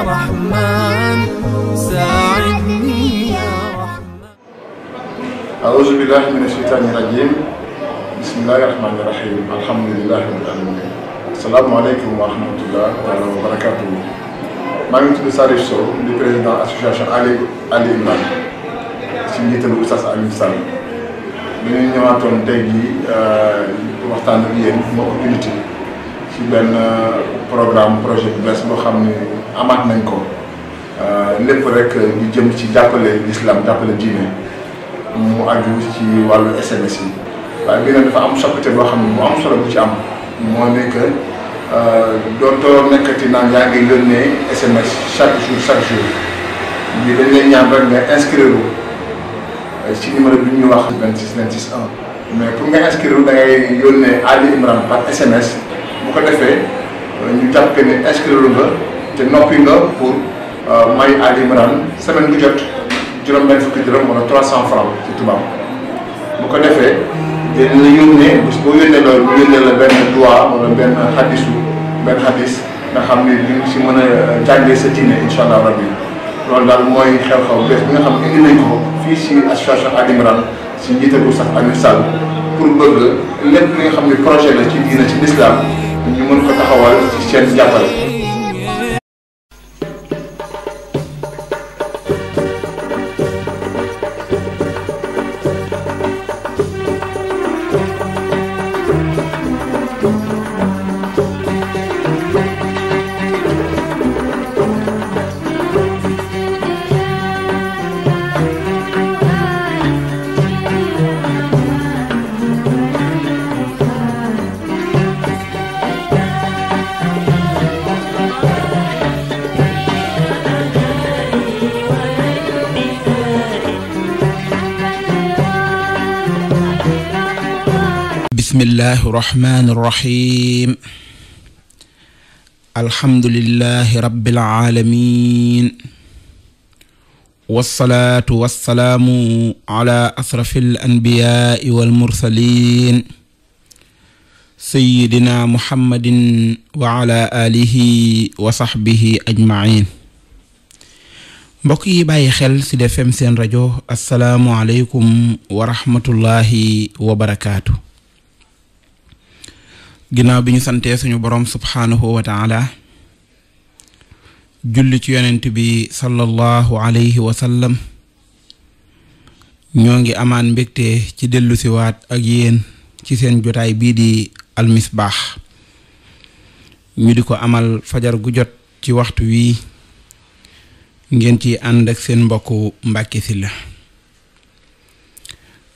يا رحمن ساعدني يا رحمن أعوذ بالله من الشيطان الرجيم بسم الله الرحمن الرحيم الحمد لله رب العالمين asalaamaaleykum wa rahmatulah taala wa barakaatu maa ngi tudd Salif Sow di président association Ali Ali Imran ci njiitalu Oustaz Alioune Sall ñu ngi ñëwaatoon tey jii euh, waxtaan ak yéen ma opportunité ci benn euh, programme projet bu bees boo xam ne amaat nañ ko euh, lépp rek ñu jëm ci jàppale l'islam jàppale diine mu aju ci wàllu SMS yi waaye bi nag dafa am soppite boo xam ne mu am solo bu ci am moo nekk euh, dootoo nekkati naan yaa ngi yónnee SMS chaque jour chaque jour ñi dañ lay ñaan rek nga inscrire euh, ci numéro bi ñu wax 26 26 1 mais pour nga inscrire da ngay yónnee Ali Imran par SMS bu ko defee ñu jàpp que ne inscrire ba te noppi nga pour euh, may Aly Imran semaine bu jot juróom-benn fukki dërëm wala 300 francs ci tubaab bu ko defee dinañ la yónnee bés boo yónnee loolu mu yónnee la benn doigt wala benn xadisu benn xadis nga xam ni li si mën a euh, jàngee sa diine incha allah rabbi loolu daal mooy xew-xew bés bi nga xam ne indi nañ ko fii si association Aly Imran si njiitagu sax Amir Sall pour bëgg lépp li nga xam ne projet la ci diine ci l'islam ñu mën ko taxawal ci bismillahi irrahmani irrahim alhamdulilahi rabiilalamin walsalaatu walsalaamu ala asrafi alanbiyaai walmursalin sayidina muhammadin wa ala alihi wa saxbihi ajmain mbokk yi bàyyi xel ci Sud FM seen rajo asalaamualeykum wa rahmatullahi wa barakaatu ginnaaw bi ñu santee suñu boroom subhaanahu wa taala julli ci yonent bi sallallahu alayhi wa sallam ñoo ngi amaan mbégte ci dellu siwaat ak yéen ci seen jotaay bii di almisbaax ñu di ko amal fajar gu jot ci waxtu wii ngeen ci ànd ak seen mbokku Mbàkke Sylla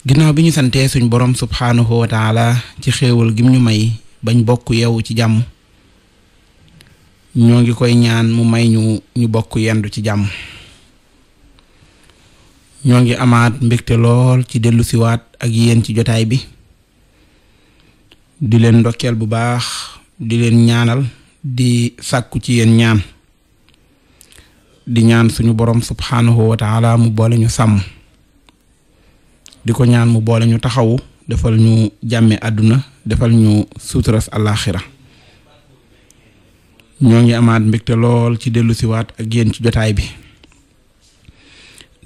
ginnaaw bi ñu santee suñu boroom subhaanahu wa taala ci xéewal gim ñu may bañ bokk yeewu ci jàmm ñoo ngi koy ñaan mu may ñu ñu bokk yendu ci jàmm ñoo ngi amaat mbégte lool ci dellusiwaat ak yéen ci jotaay bi di leen ndokkeel bu baax di leen ñaanal di sàkku ci yéen ñaan di ñaan suñu boroom subhaanahu wa mu boole ñu sàmm di ko ñaan mu boole ñu taxawu defal ñu jàmme àdduna defal ñu suuturas àllaaxira ñoo ngi amaat mbégte lool ci dellu siwaat ak yéen ci jotaay bi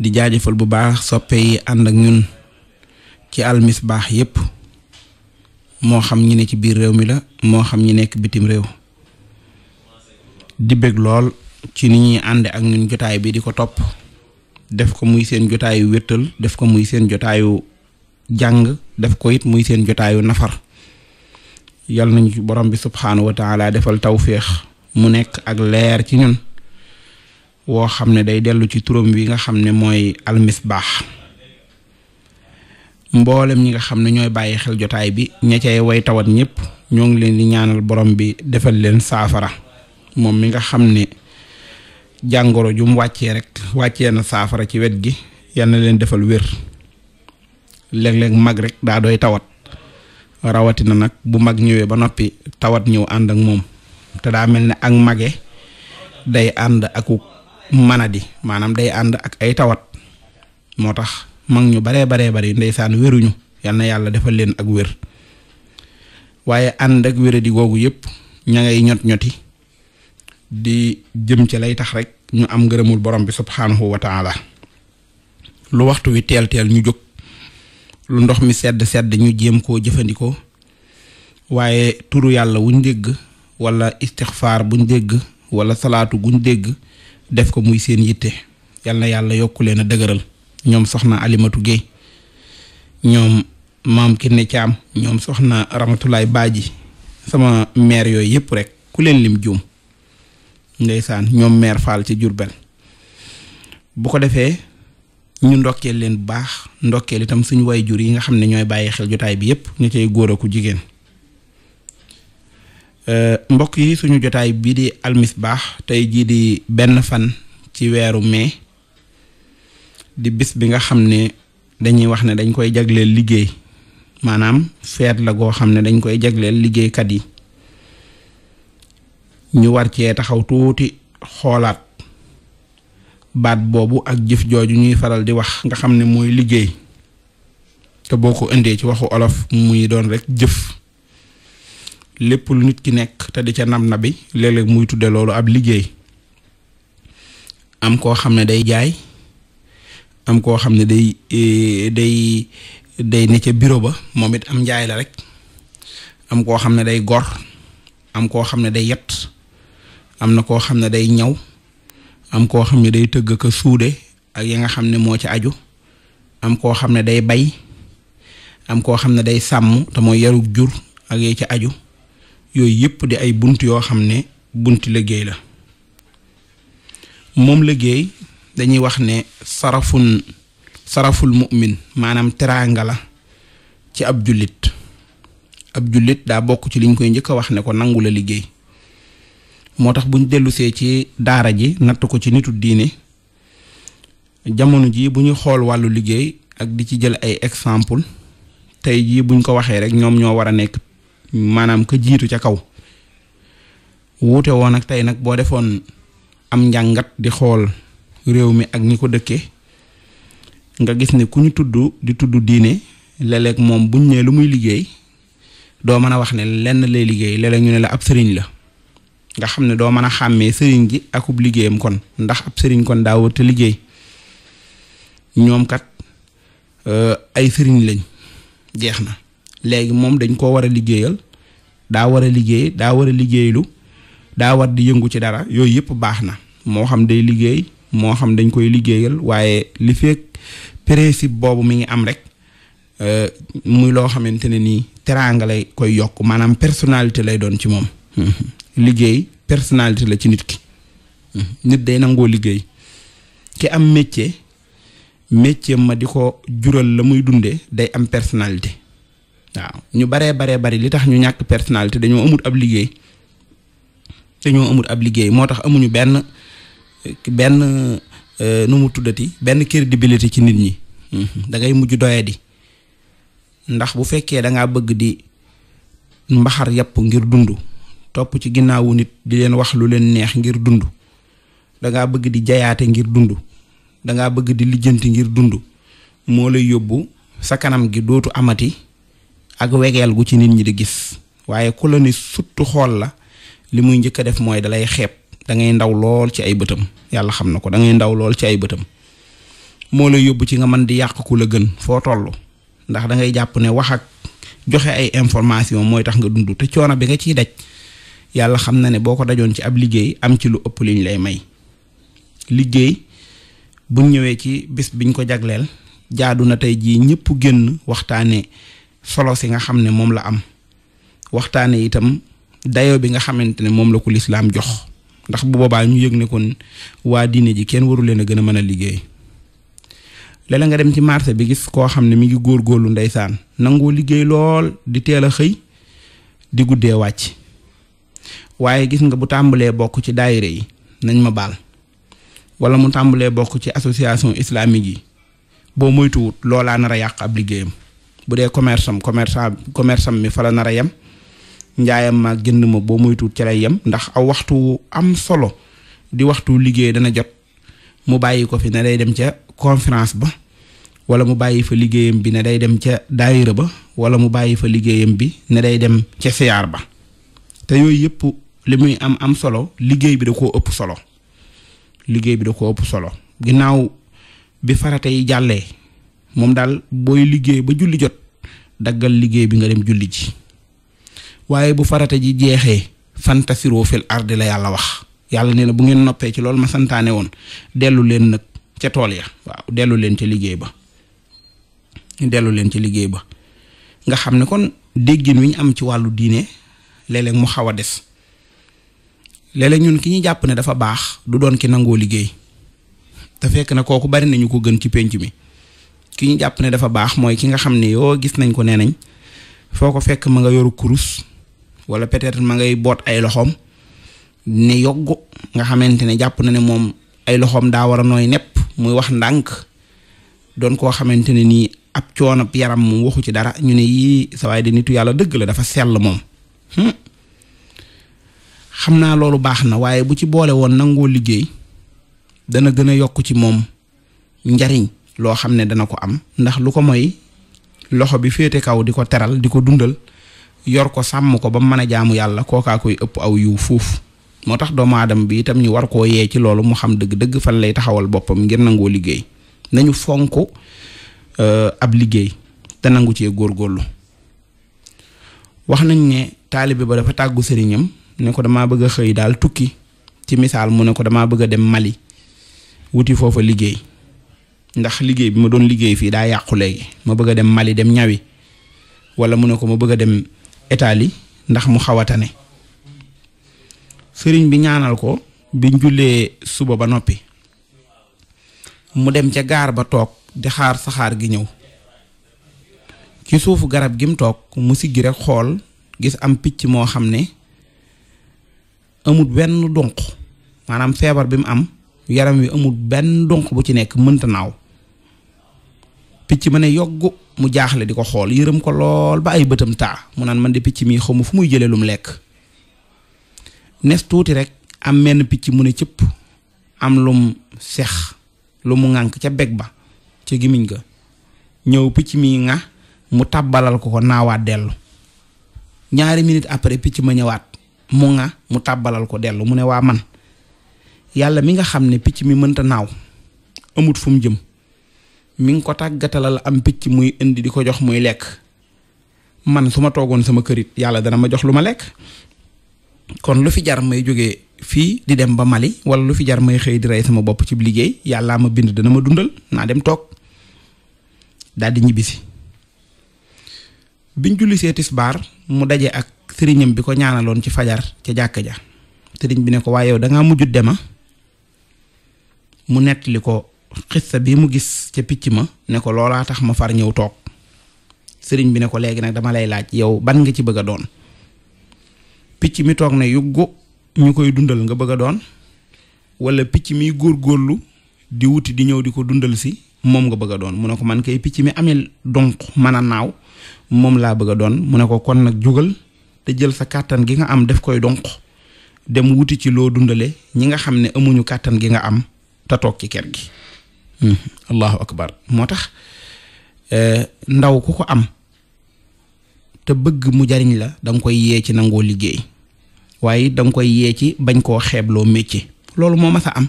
di jaajëfal bu baax soppe yi ànd ak ñun ci almisbaax yépp moo xam ñi ne ci biir réew mi la moo xam ñi nekk bitim réew di bég lool ci ni ñuy ànde ak ñun jotaay bi di ko topp def ko muy seen jotaayu wéttal def ko muy seen jotaayu jàng def ko it muy seen jotaayu nafar yal nañu borom bi subxanahu wa taala defal tawféex mu nekk ak leer ci ñun woo xam ne day dellu ci turam wi nga xam ne mooy baax mboolem ñi nga xam ne ñooy bàyyi xel jotaay bi ña cay way tawat ñëpp ñoo ngi leen di ñaanal borom bi defal leen saafara moom mi nga xam ne jàngoro ju wàccee rek wàccee na saafara ci wet gi yal na leen defal wér léeg-léeg mag rek daa doy tawat. rawatina nag bu mag ñëwee ba noppi tawat ñëw ànd ak moom te daa mel ni ak mage day ànd aku manadi maanaam day ànd ak ay tawat moo tax mag ñu baree baree bari ndeysaan wéruñu yal na yàlla defal leen ak wér waaye ànd ak wéradi googu yëpp ña ngay ñot ñoti di jëm ci lay tax rek ñu am ngërëmul borom bi subxanahu wa taala lu waxtu wi teel teel ñu jóg. lu ndox mi sedd sedd ñu jéem koo jëfandikoo waaye turu yàlla wuñ dégg wala istixfaar buñ dégg wala salaatu guñ dégg def ko muy seen yitte yal yàlla yokku leen a dëgëral ñoom soxna Alimatu géey ñoom maam Kiné Thiam ñoom soxna Ramatulaay yi sama meer yooyu yëpp rek ku leen lim juum ndeysaan ñoom maire Fall ci Jurbel bu ko defee ñu ndokkeel leen bu baax ndokkeel itam suñu way jur yi nga xam ne ñooy bàyyi xel jotaay bi yépp ñu cay góor aku jigéen euh, mbokk yi suñu jotaay bii di baax tey jii di benn fan ci weeru mai di bis bi nga xam ne dañuy wax ne dañ koy jagleel liggéey maanaam feet la goo xam ne dañ koy jagleel liggéeykat yi ñu war cee taxaw tuuti xoolaat baat boobu ak jëf jooju ñuy faral di wax nga xam ne mooy liggéey te boo ko indee ci waxu olof muy doon rek jëf lépp lu nit ki nekk te di ca nam na bi léeg muy tudde loolu ab liggéey am koo xam ne day jaay am koo xam ne day eh, day day ne ca bureau ba moom it am njaay la rek am koo xam ne day gor am koo xam ne day yet am na koo xam ne day ñaw am koo xam ne day tëgg ka suude ak ya nga xam ne moo ci aju am koo xam ne day bay am koo xam ne day sàmm te mooy yarug jur ak ya ci aju yooyu yëpp di ay bunt yoo xam ne bunt liggéey la moom liggéey dañuy wax ne sarafun saraful mu'min maanaam teraanga la ci ab jullit ab jullit daa bokk ci liñ koy njëkk a wax ne ko nangu la liggéey moo tax bu ñu dellusee ci daara ji natt ko ci nitu diine jamono jii bu ñu xool wàllu liggéey ak di ci jël ay exemple tey jii buñ ko waxee rek ñoom ñoo war a nekk maanaam ka jiitu ca kaw wuute woon ak tey nag boo defoon am njàngat di xool réew mi ak ñi ko dëkkee nga gis ne ku ñu tudd di tudd diine léeg moom buñ ne lu muy liggéey doo mën a wax ne lenn lay liggéey léeg ñu ne la ab sëriñ la nga xam ne doo mën a xàmmee sëriñ gi akub liggéeyam kon ndax ab sëriñ kon daawut te liggéey ñoom kat euh, ay sëriñ lañ jeex na léegi moom dañ koo war a liggéeyal daa war a liggéey daa war a liggéeylu daa war di yëngu ci dara yooyu yëpp baax na moo xam day liggéey moo xam dañ koy liggéeyal waaye li feek principe boobu mi ngi am rek euh, muy loo xamante ne nii teraanga lay koy yokk maanaam personnalité lay doon ci moom. liggéey personnalité la ci nit ki nit day nangoo liggéey ki am métier métier ma di ko jural la muy dundee day am personnalité waaw ñu baree baree bari li tax ñu ñàkk personnalité dañoo amut ab liggéey dañoo amut ab liggéey moo tax amuñu benn benn euh, nu mu tuddati benn crédibilité ci nit ñi mhm, da ngay mujj doyadi ndax bu fekkee da ngaa bëgg di mbaxar yàpp ngir dund topp ci ginnaawu nit di leen wax lu leen neex ngir dund dangaa bëgg di jayaate ngir dund dangaa bëgg di lijjanti ngir dund moo lay yóbbu sa kanam gi dootu amati ak wegeel gu ci nit ñi di gis waaye ku la ni suttu xool la li muy njëkk def mooy dalay xeeb da ndaw lool ci ay bëtam yàlla xam na ko da ngay ndaw lool ci ay bëtam moo lay yóbbu ci nga man di yàq ku la gën foo toll ndax dangay jàpp ne wax ak joxe ay information mooy tax nga dund te coono nga ciy daj yàlla xam na ne boo ko dajoon ci ab liggéey am ci lu ëpp liñ lay may liggéey buñ ñëwee ci bis biñ ko jagleel jaadu na tey jii ñëpp génn waxtaane solo si nga xam ne moom la am waxtaane itam dayo bi nga xamante ne moom la ko lislaam jox ndax bu boobaa ñu yëg ne ko waa diine ji kenn waru leen a gën a mën a liggéey léeg nga dem ci marché bi gis koo xam ne mi ngi góor góorlu ndeysaan nangoo liggéey lool di teel a xëy di guddee wàcc waaye gis nga bu tàmbalee bokk ci daayira yi nañ ma baal wala mu tàmbalee bokk ci association islamique yi boo moytuwut loolaa nar a yàq ab liggéeyam bu dee commerce am commerçant commerce am mi fa la nar yem njaayam ma jënd ma boo moytuwut ca lay yem ndax aw waxtu am solo di waxtu liggéey dana jot mu bàyyi ko fi ne day dem ca conférence ba wala mu bàyyi fa liggéeyam bi ne day dem ca daayira ba wala mu bàyyi fa liggéeyam bi ne day dem ca siyaar ba te yooyu li muy am am solo liggéey bi da koo ëpp solo liggéey bi da koo ëpp solo ginnaaw bi farata yi jàllee moom daal booy liggéey ba julli jot daggal liggéey bi nga dem julli ji waaye bu farata ji jeexee fantasiroo fil ardi la yàlla wax yàlla nee la bu ngeen noppee ci loolu ma santaane woon dellu leen nag ca tool ya waaw dellu leen ca liggéey ba dellu leen ca liggéey ba nga xam ne kon déggin wi ñu am ci wàllu diine léeg mu xaw a des léeg ñun ki ñu jàpp ne dafa baax du doon ki nangoo liggéey te fekk na kooku bari nañu ko gën ci pénc mi ki ñu jàpp ne dafa baax mooy ki nga xam ne yoo gis nañ ko nee nañ foo ko fekk ma nga yoru kurus wala peut ma ngay boot ay loxoom ne yogg nga xamante ne jàpp na ne moom ay loxoom daa war a nooy nepp muy wax ndànk doon koo xamante ne nii ab coono yaram mu waxu ci dara ñu ne yii sa waay nitu yàlla dëgg la dafa sell moom. Hmm. xam naa loolu baax na waaye bu ci boole woon nangoo liggéey dana gën a yokk ci moom njariñ loo xam ne dana ko am ndax lu ko mooy loxo bi féete kaw di ko teral di ko dundal yor ko sàmm ko ba mu mën a jaamu yàlla kookaa koy ëpp aw yiw fuuf moo tax doomu aadama bi itam ñu war koo yee ci loolu mu xam dëgg-dëgg fan lay taxawal boppam ngir nangoo liggéey nañu fonk euh, ab liggéey te nangu cee góorlu wax nañ ne taalibe ba dafa tàggu sëriñam ne ko damaa bëgg a xëy daal tukki ci misaal mu ne ko damaa bëgg a dem Mali wuti foofa liggéey ndax liggéey bi ma doon liggéey fii daa yàqu léegi ma bëgg dem Mali dem ñawi walla mu ne ko ma bëgg a dem Italie ndax mu xaw a tane sëriñ bi ñaanal ko biñ jullee suba ba noppi mu dem ca gaar ba toog di xaar saxaar gi ñëw ci suufu garab gi mu toog mu siggi rek xool gis am picc moo xam ne amul benn donq maanaam feebar bi mu am yaram wi amul benn donq bu ci nekk mënta naaw picc ma ne yogg mu jaaxle di ko xool yërëm ko lool ba ay bëtam taa mu naan man de picc mii xaw fu muy jëlee lum lekk nes tuuti rek am menn picc mu ne cëpp am lum sex lu mu ŋànk ca beg ba ca gimiñ ga ñëw picc mi nga mu tàbbalal ko ko naawaat dellu ñaari minutes après picc ma ñëwaat mu nga mu tàbbalal ko dellu mu ne waa man yàlla mi nga xam ne picc mi mënta naaw amut fu mu jëm mi ngi ko tàggatalal am picc muy indi di ko jox muy lekk man su ma toogoon sama kërit yàlla dana ma jox lu ma lekk kon lu fi jar may jóge fii di dem ba Mali wala lu fi jar may xëy di rey sama bopp ci liggéey yàllaa ma bind dana ma dundal naa dem toog daal di ñibbisi biñ jullisee tisbaar mu daje ak sëriñam bi ko ñaanaloon ci fajar ca jàkk ja sëriñ bi ne ko waaye yow dangaa mujjut dema mu nettali ko xissa bi mu gis ca picc ma ne ko loolaa tax ma far ñëw toog sëriñ bi ne ko léegi nag dama lay laaj yow ban nga ci bëgg a doon picc mi toog ne yuggu ñu koy dundal nga bëgg a doon walla picc góor góorlu di wuti di ñëw di ko dundal si moom nga bëgg doon mu ne ko man kay picc mi amee donc mën a naaw moom laa bëgg a doon mu ne ko kon nag jógal te jël sa kàttan gi nga am def koy donq dem wuti ci loo dundale ñi nga xam ne amuñu kàttan gi nga am te toog ci kër gi hmm. allahu akbar moo tax eh, ndaw ku ko am te bëgg mu jariñ la danga koy yee ci nangoo liggéey waaye danga koy yee ci bañ koo xeebloo métier loolu moo mas a am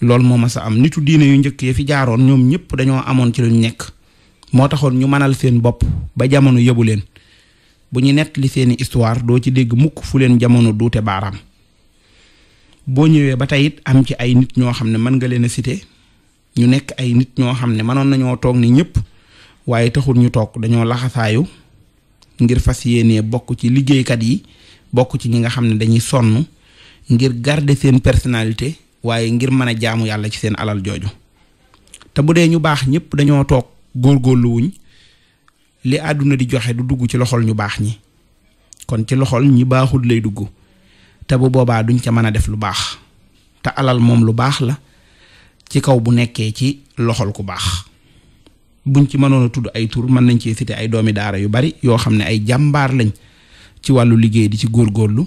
loolu moo mas a am nitu diine yu njëkkee fi jaaroon ñoom ñëpp dañoo amoon ci luñ nekk moo taxoon ñu mënal seen bopp ba jamono yebu leen bu ñu nettali seeni istoire doo ci dégg mukk fu leen jamono duute baaraam boo ñëwee ba tey it am ci ay nit ñoo xam ne mën nga leen a citer ñu nekk ay nit ñoo xam ne mënoon nañoo toog ni ñëpp waaye taxul ñu toog dañoo laxasaayu ngir fas yéenee bokk ci liggéeykat yi bokk ci ñi nga xam ne dañuy sonn ngir garder seen personnalité waaye ngir mën a jaamu yàlla ci seen alal jooju te bu dee ñu baax ñëpp dañoo toog góorgóorlu wuñ li àdduna di joxe du dugg ci loxol ñu baax ñi kon ci loxol ñi baaxul lay dugg te bu boobaa duñ ca mën a def lu baax te alal moom lu baax la ci kaw bu nekkee ci loxol ku baax buñ ci mënoon a tudd ay tur mën nañ ci cité ay doomi daara yu bari yoo xam ne ay jàmbaar lañ ci wàllu liggéey di ci góor góorgóorlu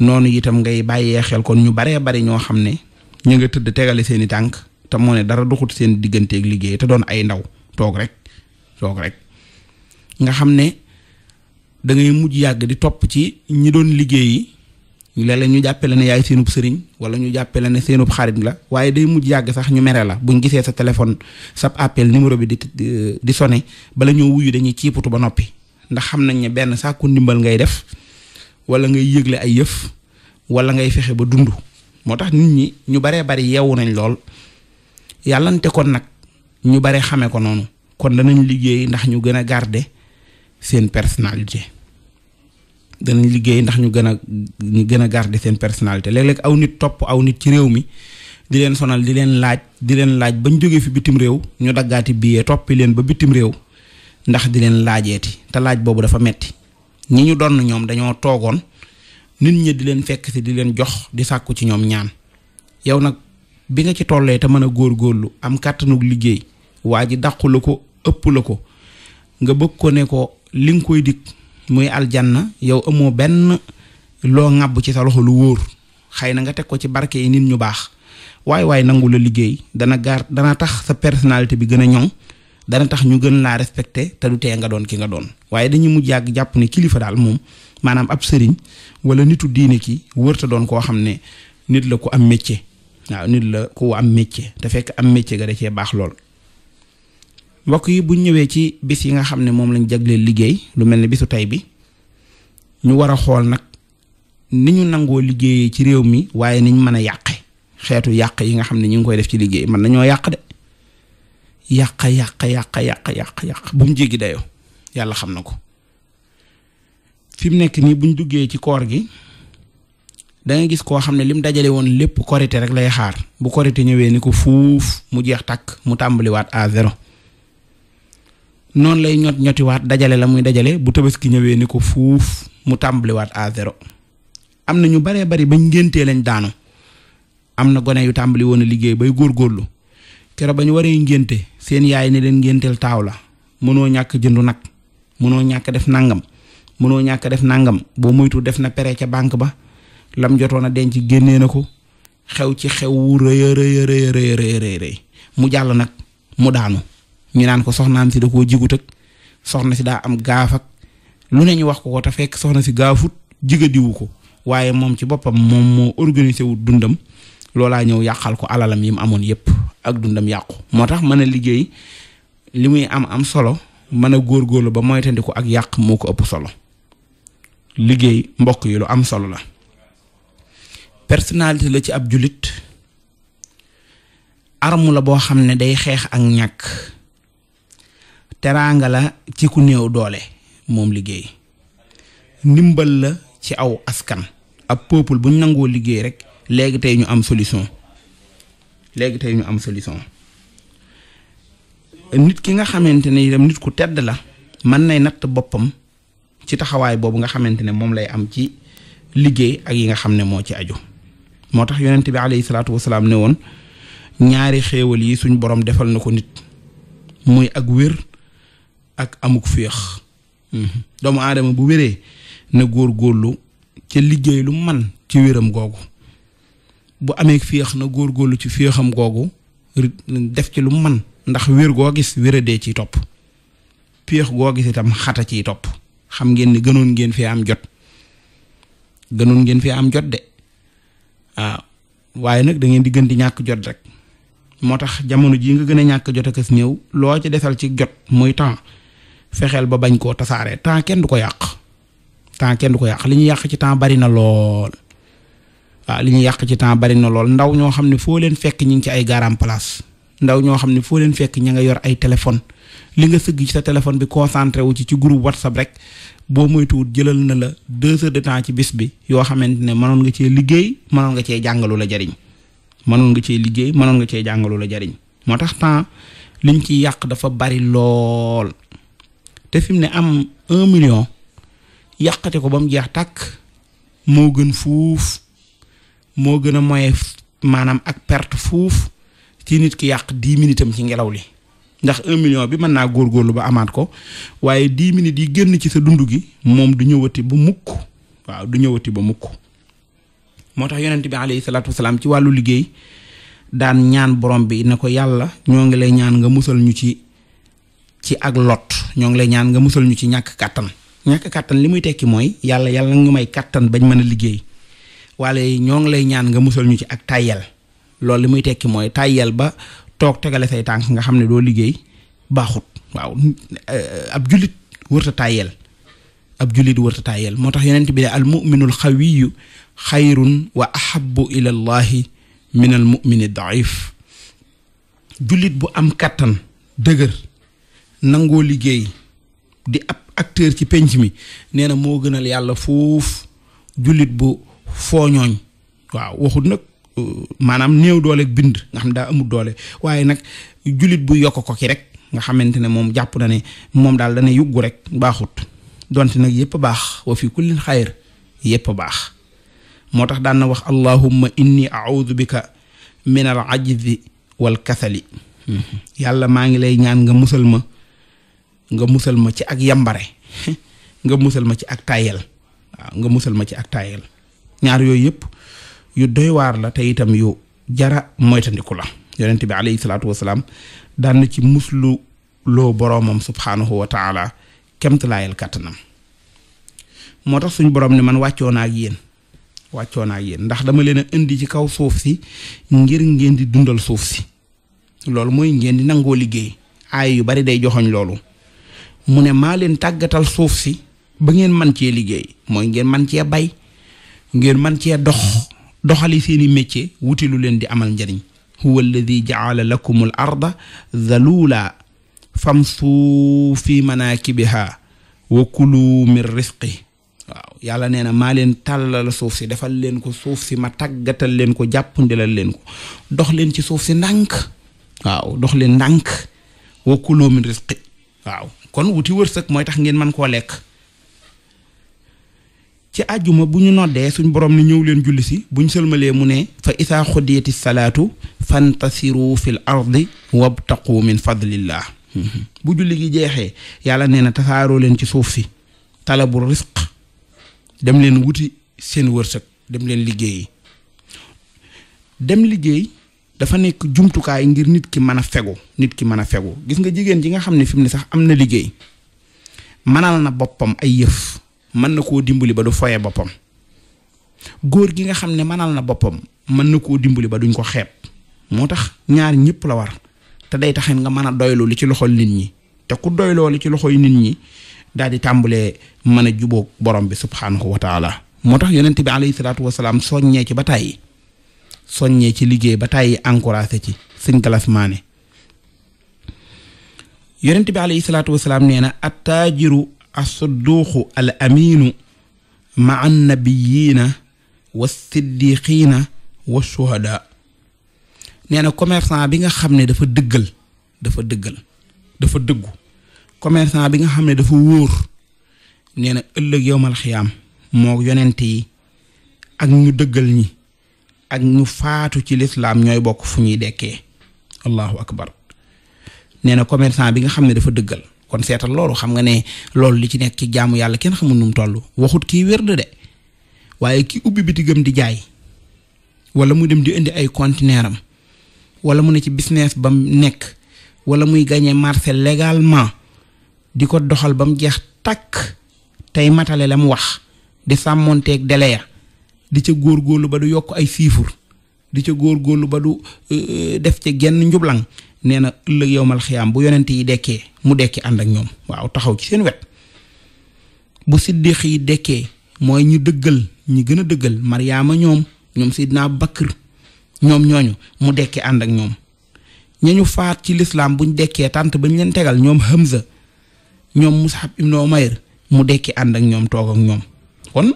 noonu itam ngay bàyyee xel kon ñu baree bari ñoo xam ne ñu nga tëdd tegale seen i tànk te moo ne dara duxut seen digganteek liggéey te doon ay ndaw toog rek toog rek nga xam ne dangay mujj yàgg di topp ci ñi doon liggéey yi léeg-léeg ñu jàppale ne yaay seenub sëriñ wala ñu jàppale ne seenub xarit la waaye day mujj yàgg sax ñu mere la buñ gisee sa téléphone sab appel numéro bi di di sone bala ñoo wuyu dañuy ciiputu ba noppi ndax xam nañ ne benn sàkku ndimbal ngay def wala ngay yëgle ay yëf wala ngay fexe ba dund moo tax nit ñi ñu baree bari yeewu nañ lool yàllante kon nag ñu bare xamee ko noonu kon danañ liggéey ndax ñu gën a garder seen personalité danañ liggéey ndax ñu gën a ñu gën a garder seen personalité léeg-léeg aw nit topp aw nit ci réew mi di leen sonal di leen laaj di leen laaj bañ jógee fi bitim réew ñu daggaati billet toppi leen ba bitim réew ndax di leen laajeeti te laaj boobu dafa metti ñi ñu doon ñoom dañoo toogoon nit ñi di leen fekk si di leen jox di sàkku ci ñoom ñaan yow nag bi nga ci tollee te mën a góorgóorlu am kàttanug liggéey waa ji dàqu la ko ëpp la ko nga ko li nga koy dikk muy aljan na yow amoo benn loo ŋàbb ci sa loxo lu wóor xëy na nga teg ko ci barke yi nit ñu baax waaye waaye nangu la liggéey dana gaar dana tax sa personalité bi gën a ñoŋ dana tax ñu gën laa respecté te du tee nga doon ki nga doon waaye dañu mu jàgg jàpp ne kilifa daal moom maanaam ab sëriñ wala nitu diine ki wërta doon koo xam ne nit la ku am métier waaw nit la ku am métier te fekk am métier ga da cee baax lool. mbokk yi buñ ñëwee ci bis yi nga xam ne moom lañ jagleel liggéey lu mel ne bisu tey bi ñu war a xool nag ni ñu nangoo liggéey ci réew mi waaye niñ mën a yàqe xeetu yàq yi nga xam ne ñu ngi koy def ci liggéey mën nañoo yàq de yàq yàq yàq yàq bu mu jéggi dayoo yàlla xam na ko fi mu nekk nii buñ duggee ci koor gi da gis koo xam ne lim dajale woon lépp korite rek lay xaar bu korite ñëwee ni ko fuuf mu jeex takk mu tàmbaliwaat à zéro noonu lay ñot ñotiwaat dajale la muy dajale bu ki ñëwee ni ko fuuf mu tàmbaliwaat à zéro am na ñu baree bari bañ ngéntee lañ daanu am na gone yu tàmbali woon a liggéey bay góorgóorlu keroog ba ñu waree ngénte seen yaay ne leen ngénteel taaw la mënoo ñàkk jëndu nag mënoo ñàkk def nangam mënoo ñàkk def nangam boo moytu def na pere ca banque ba lam jotoon a denc génnee na ko xew ci xew wu rëy a rëy mu jàll nag mu daanu. ñu naan ko soxnaam si da koo jigut soxna si daa am gaaf ak lu ne ñu wax ko ko te fekk soxna si gaafut jigadiwu ko waaye moom ci boppam moom moo organisé wu dundam loolaa ñëw yàqal ko alalam yi mu amoon yépp ak dundam yàqu moo tax mën a liggéey li muy am am solo mën a góorgóorlu ba moytandiku ak yàq moo ko ëpp solo liggéey mbokk yi lu am solo la personnalité la ci ab julit arme la boo xam ne day xeex ak ñàkk teraanga la ci ku néew doole moom liggéey ndimbal la ci aw askan ab peuple bu ñu nangoo liggéey rek léegi tey ñu am solution léegi tey ñu am solution nit ki nga xamante ne itam nit ku tedd la mën nay natt boppam ci taxawaay boobu nga xamante ne moom lay am ci liggéey ak yi nga xam ne moo ci aju moo tax yonent bi alayhi salaatu wasalaam ne woon ñaari xéewal yi suñ borom defal na ko nit muy ak wér ak amuk féex mhm. doomu aadama bu wéree na góor góorlu ca liggéey lu man ci wéram googu bu amee féex na góor góorlu ci féexam googu def ci lu man ndax wér goo gis wéradee ciy topp féex goo gis itam xata ciy topp xam ngeen ni gënoon ngeen fee am jot gënoon ngeen fee am jot de waaw waaye nag dangeen ngeen di gën di ñàkk jot rek moo tax jamono jii nga gën a ñàkk jot ak as néew loo ci desal ci jot muy temps fexeel ba bañ koo tasaare temps kenn du ko yàq temps kenn du ko yàq li ñuy yàq ci temps bari na lool waaw li ñuy yàq ci temps bari na lool ndaw ñoo xam ne foo leen fekk ñu ngi ci ay garam ndaw ñoo xam ne foo leen fekk ña nga yor ay téléphone li nga sëgg ci sa téléphone bi concentré wu ci ci groupe whatsapp rek boo moytuwul jëlal na la deux heures de temps ci bis bi yoo xamante ne mënoon nga cee liggéey mënoon nga cee jàngalu la jariñ mënoon nga cee liggéey mënoon nga cee jàngalu la jariñ moo tax temps liñ ciy yàq dafa bari te fi mu ne am un million yàqate ko ba mu jeex tàkk moo gën fuuf moo gën a moye maanaam ak perte fuuf ci nit ki yàq dix minutes am ci ngelaw li ndax un million bi mën naa góorgóorlu ba amaat ko waaye dix minutes yi génn ci sa dund gi moom du ñëwati ba mukk waaw du ñëwati ba mukk moo tax yonent bi alayhi salaatu salaam ci wàllu liggéey daan ñaan borom bi na ko yàlla ñoo ngi lay ñaan nga musal ñu ci ci ak lot ñoo ngi lay ñaan nga musal ñu ci ñàkk kàttan ñàkk kàttan li muy tekki mooy yàlla yàlla nga may kàttan bañ mën a liggéey waaye ñoo ngi lay ñaan nga musal ñu ci ak tàyyel loolu li muy tekki mooy tàyyel ba toog tegale say tànk nga xam ne doo liggéey baaxut waaw eh, ab jullit wërta tàyyel ab jullit wërta tàyyel moo tax yeneen ti bi ne al muminul xawiyu xayrun wa ahabu ila min al mumini daif jullit bu am kàttan dëgër nangoo liggéey di ab acteur ci penc mi nee na moo gënal yàlla foofu jullit bu fooñooñ waaw waxut nag euh, maanaam néew doole bind nga xam daa amul doole waaye nag jullit bu yokk ko ki rek nga xamante ne moom jàpp na ne moom daal dana yuggu rek baaxut donte nag yépp baax wa fi kullin xayr yépp baax moo tax daan na wax allahumma inni audu bika min al ajzi wal kasali mhm. yàlla maa ngi lay ñaan nga musal ma nga musal ma ci ak yambare nga musal ma ci ak tayel waaw nga musal ma ci ak tayel ñaar yooyu yëpp yu doy waar la te itam yu jara moytandiku la yonent bi alayhi salaatu wasalaam daan na ci muslu loo boroomam subhaanahu wa taala kemtalaayal kàttanam moo tax suñ borom ne man wàccoo naa ak yéen wàccoo naa ak yéen ndax dama leen a indi ci kaw suuf si ngir ngeen di dundal suuf si loolu mooy ngeen di nangoo liggéey aay yu bari day joxoñ loolu mu ne ma leen tàggatal suuf si ba ngeen man cee liggéey mooy ngeen man cee bay ngeen man cee dox doxali seeni métier wutilu leen di amal njariñ huwa alladi jaala lakum al arda zalula famsu fi manakibiha wa kulu min risqi waaw yàlla nee na maa leen tàllal suuf si defal leen ko suuf si ma taggatal leen ko jàppandilal leen ko dox leen ci suuf si ndànk waaw dox leen ndànk wa risqi waaw kon wuti wërsëg mooy tax ngeen mën koo lekk ci àjjuma bu ñu noddee suñ borom ni ñëw leen julli si buñ sëlmalee mu ne fa isaa xudiyati salaatu fantasiru fil ardi wabtaqu min fadlillah bu julli gi jeexee yàlla nee na tasaaroo leen ci suuf si talabul risq dem leen wuti seen wërsëg dem leen liggéeyi dem liggéey dafa nekk jumtukaay ngir nit ki mën a fegu nit ki mën a fegu gis nga jigéen ji nga xam ne fi mu ne sax am na liggéey mënal na boppam ay yëf mën na koo dimbali ba du foye boppam góor gi nga xam ne mënal na boppam mën na koo dimbali ba duñ ko xeeb moo tax ñaar ñëpp la war te day taxin nga mën a doylu li ci loxol nit ñi te ku doyloo li ci loxoy nit ñi daal di tàmbalee man a jubóog borom bi subhaanahu wa taala moo tax yonent bi alayhi salaatu wasalaam soññee ci ba tàyyi soññee ci liggéey ba tàyyi encouragé ci sëñ Galas Maane yonent bi alayhi salaatu wasalaam nee na attaajiru asudduuxu al amiinu ma annabiyiina wa siddiqiina wa shuhada nee na commerçant bi nga xam ne dafa dëggal dafa dëggal dafa dëggu commerçant bi nga xam ne dafa wóor nee na ëllëg yowmal xiyaam moo yonent yi ak ñu dëggal ñi ak ñu faatu ci lislaam ñooy bokk fu ñuy dekkee allahu akbar nee na commerçant bi nga xam ne dafa dëggal kon seetal loolu xam nga ne loolu li ci nekk ci jaamu yàlla kenn xamul nu mu toll waxut kii wérd de waaye ki ubbi bitigam di jaay wala mu dem di indi ay conteneur am wala mu ne ci business ba nekk wala muy gagné marché légalement di ko doxal ba mu jeex takk tey matale la mu wax di sàmmonteeg délai ya di ca góorlu ba du yokk ay siifur di ca góor góorgóorlu ba du eh, def ca genn njublang nee na ëllëg yowmal xiyaam bu yonent yi dekkee mu dekki ànd ak ñoom waaw taxaw ci seen wet bu siddiq yi dekkee mooy ñu dëggal ñi gën a dëggal maryaama ñoom ñoom sidna Bakr ñoom ñooñu mu dekkee ànd ak ñoom ña ñu faat ci lislaam buñ dekkee tànt bañ leen tegal ñoom Hamza ñoom Mus'ab ibnu mu dekki ànd ak ñoom toog ak ñoom kon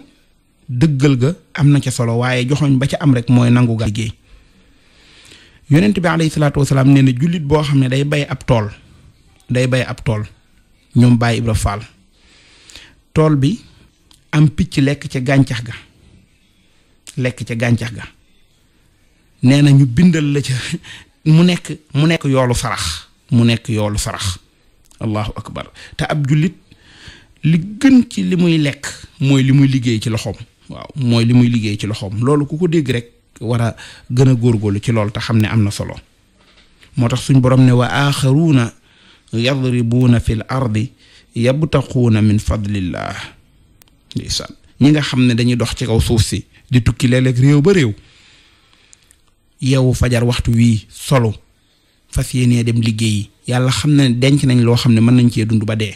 dëggal ga am na ca solo waaye joxoñ ba ca am rek mooy nangu ga liggéey yonent bi alayhi salaatu wasalaam nee jullit boo xam ne day bay ab tool day bay ab tool ñoom Baye Ibra Fall tool bi am picc lekk ca gàncax ga lekk ca gàncax ga nee na ñu bindal la ca mu nekk mu nekk yoolu sarax mu nekk yoolu sarax allahu akbar te ab jullit li gën ci li muy lekk mooy li muy liggéey ci loxoom waaw mooy li muy liggéey ci loxoom loolu ku ko dégg rek war a gën a góorgóorlu ci loolu te xam ne am na solo moo tax suñ borom ne wa axaruuna yadribuuna fil ardi yabtaquuna min fadlillah ndeysaan ñi nga xam ne dañuy dox ci kaw suuf si di tukki léeg-léeg réew yow fajar waxtu wii solo fas yéenee dem liggéeyi yàlla xam na ne denc nañ loo xam ne mën nañ cee dund ba dee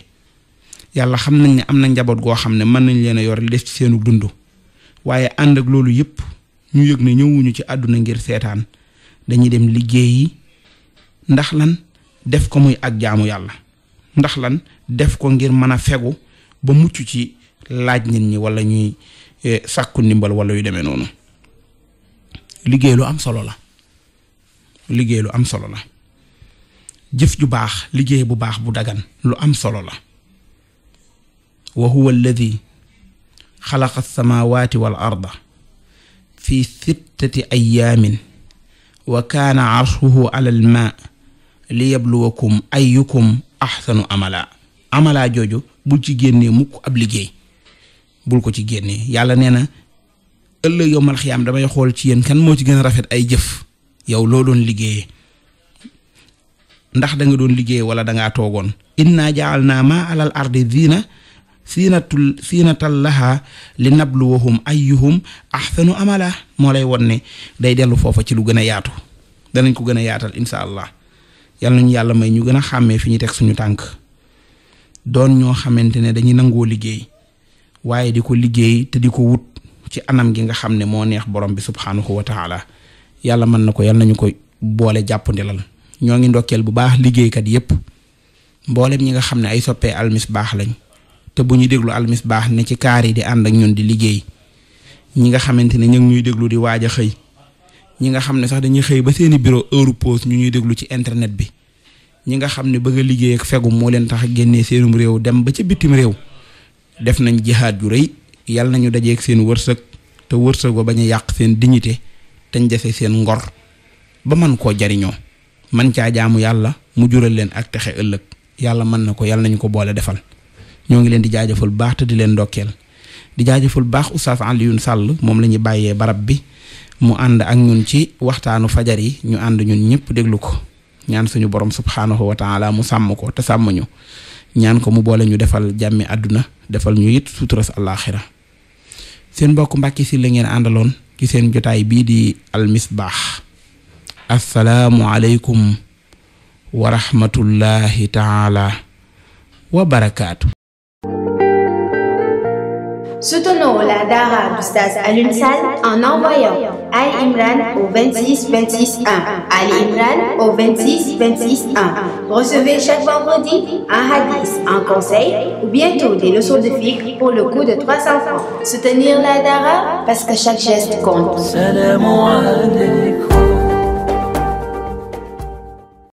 yàlla xam nañ ne am na njaboot goo xam ne mën nañ leen a yor li def seenu dund waaye ànd ak loolu yëpp ñu yëg ne ñëwuñu ci àdduna ngir seetaan dañuy dem liggéeyi ndax lan def ko muy ak jaamu yàlla ndax lan def ko ngir mën a fegu ba mucc ci laaj nit ñi wala ñuy e, sàkku ndimbal wala yu demee noonu liggéey lu am solo la liggéey lu am solo la jëf ju baax liggéey bu baax bu dagan lu am solo la wa huwa xalaqa alsamawati wal arda fi sittati ayaamin wa kaana arshuhu ala al maa liyabluwakum ayukum axsanu amala amala jooju bul ci génnee mukk ab liggéey bul ko ci génnee yàlla nee na ëllëg yow damay xool ci yéen kan moo ci gën a rafet ay jëf yow loo doon liggéeye ndax danga doon liggéey wala dangaa toogoon inna jaal naa maa ardi diina siinatul siinatal lahaa li waxum ay nabluwahum ayyuhum ahsanu amala moo lay won ne day dellu foofa ci lu gën a yaatu danañ ko gën a yaatal insha allah yal nañu yàlla may ñu gën a xàmmee fi ñu teg suñu tànk doon ñoo xamante ne dañuy nangoo liggéey waaye di ko liggéey te di ko wut ci anam gi nga xam ne moo neex borom bi subhaanahu wa taala yàlla mën na ko yal ñu ko boole jàppandilal ñoo ngi ndokkeel bu baax liggéeykat yépp mboolem ñi nga xam ne ay soppee almisbaax lañ te bu ñu déglu baax ne ci kaar yi di ànd ak ñun di liggéey ñi nga xamante ne ñu ngi ñuy déglu di waaj a xëy ñi nga xam ne sax dañuy xëy ba seeni bureau heure pause ñu ñuy déglu ci internet bi ñi nga xam ne bëgg a liggéey ak fegu moo leen tax a génnee seenum réew dem ba ca bitim réew def nañ jihaad ju rëy yàlla nañu dajeeg seen wërsëg te wërsëg ba bañ yàq seen dignité teñ dese seen ngor ba man koo jariñoo man caa jaamu yàlla mu jural leen ak texe ëllëg yàlla mën na ko yàlla nañu ko boole defal ñoo ngi leen di jaajëfal bu baax te di leen ndokkeel di jaajëfal bu baax Oustaz Alioune sàll moom la ñuy bàyyee barab bi mu ànd ak ñun ci waxtaanu fajar yi ñu ànd ñun ñëpp déglu ko ñaan suñu borom subhaanahu wa mu sàmm ko te sàmm ñu ñaan ko mu boole ñu defal jàmmi àdduna defal ñu it suturas àllaaxira seen mbokk Mbàkke Sylla la ngeen àndaloon ci seen jotaay bii di Al baax assalaamu aleykum wa rahmatullahi taala wa barakaatu Soutenons la Dara d'Oustaz Alun Sall en envoyant Ali Imran au 26 Imran au Recevez chaque vendredi un hadith, un conseil ou bientôt des leçons de fiqh pour le coût de 300 francs. Soutenir la Dara parce que chaque geste compte.